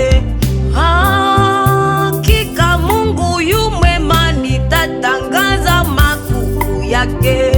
kwake. Hakika Mungu yu mwema, nitatangaza makuu yake.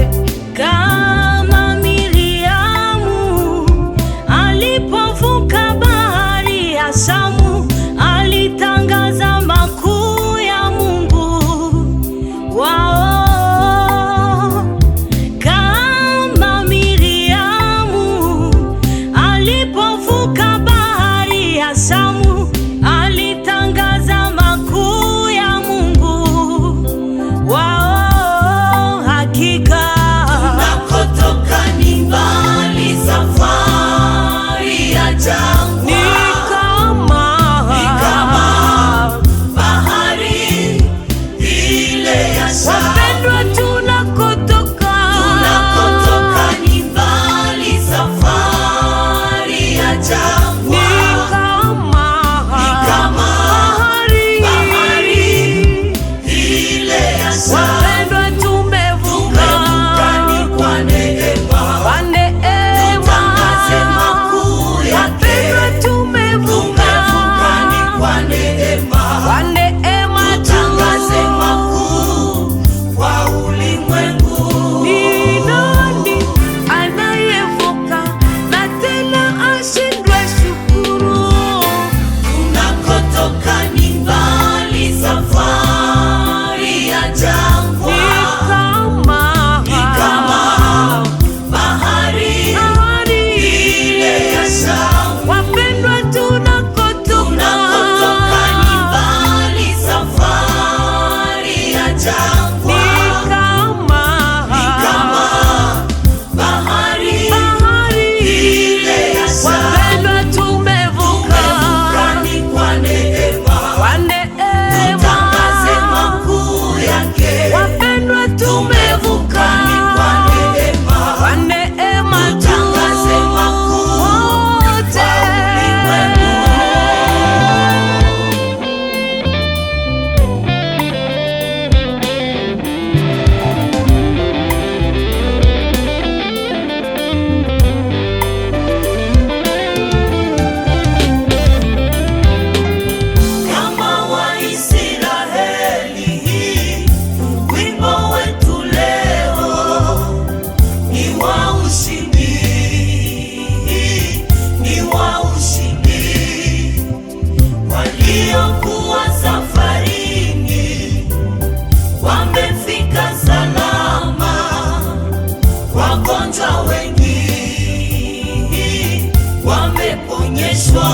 kuitwa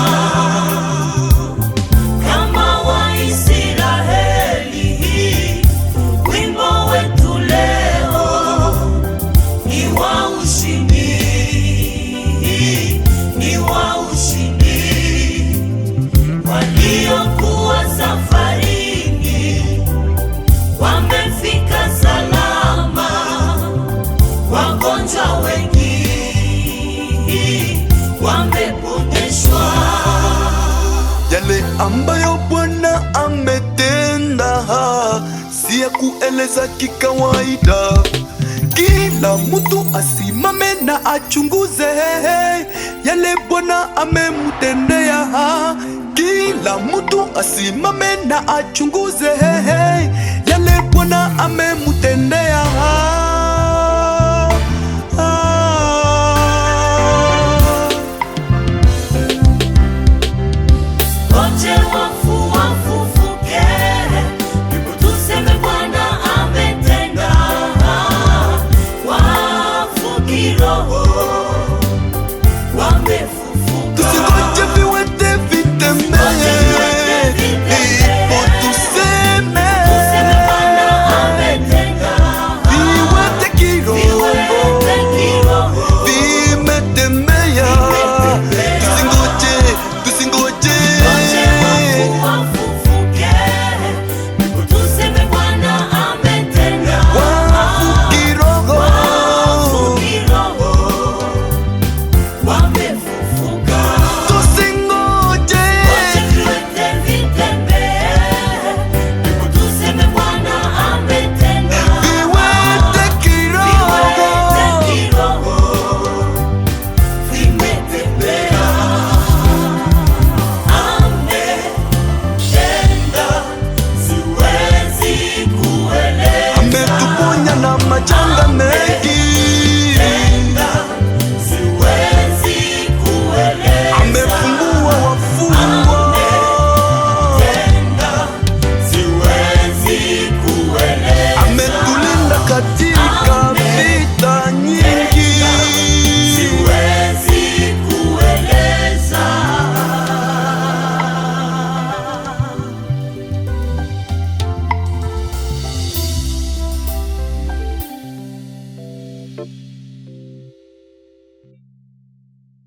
kama Waisraeli. Hii wimbo wetu leo ni wa ushindi, ni wa ushindi. Waliokuwa safarini wamefika salama, wagonjwa wengi wame ambayo Bwana ametenda, si ya kueleza kikawaida. Kila mtu asimame na achunguze yale Bwana amemtendea. Kila mtu asimame na achunguze yale Bwana amemtendea.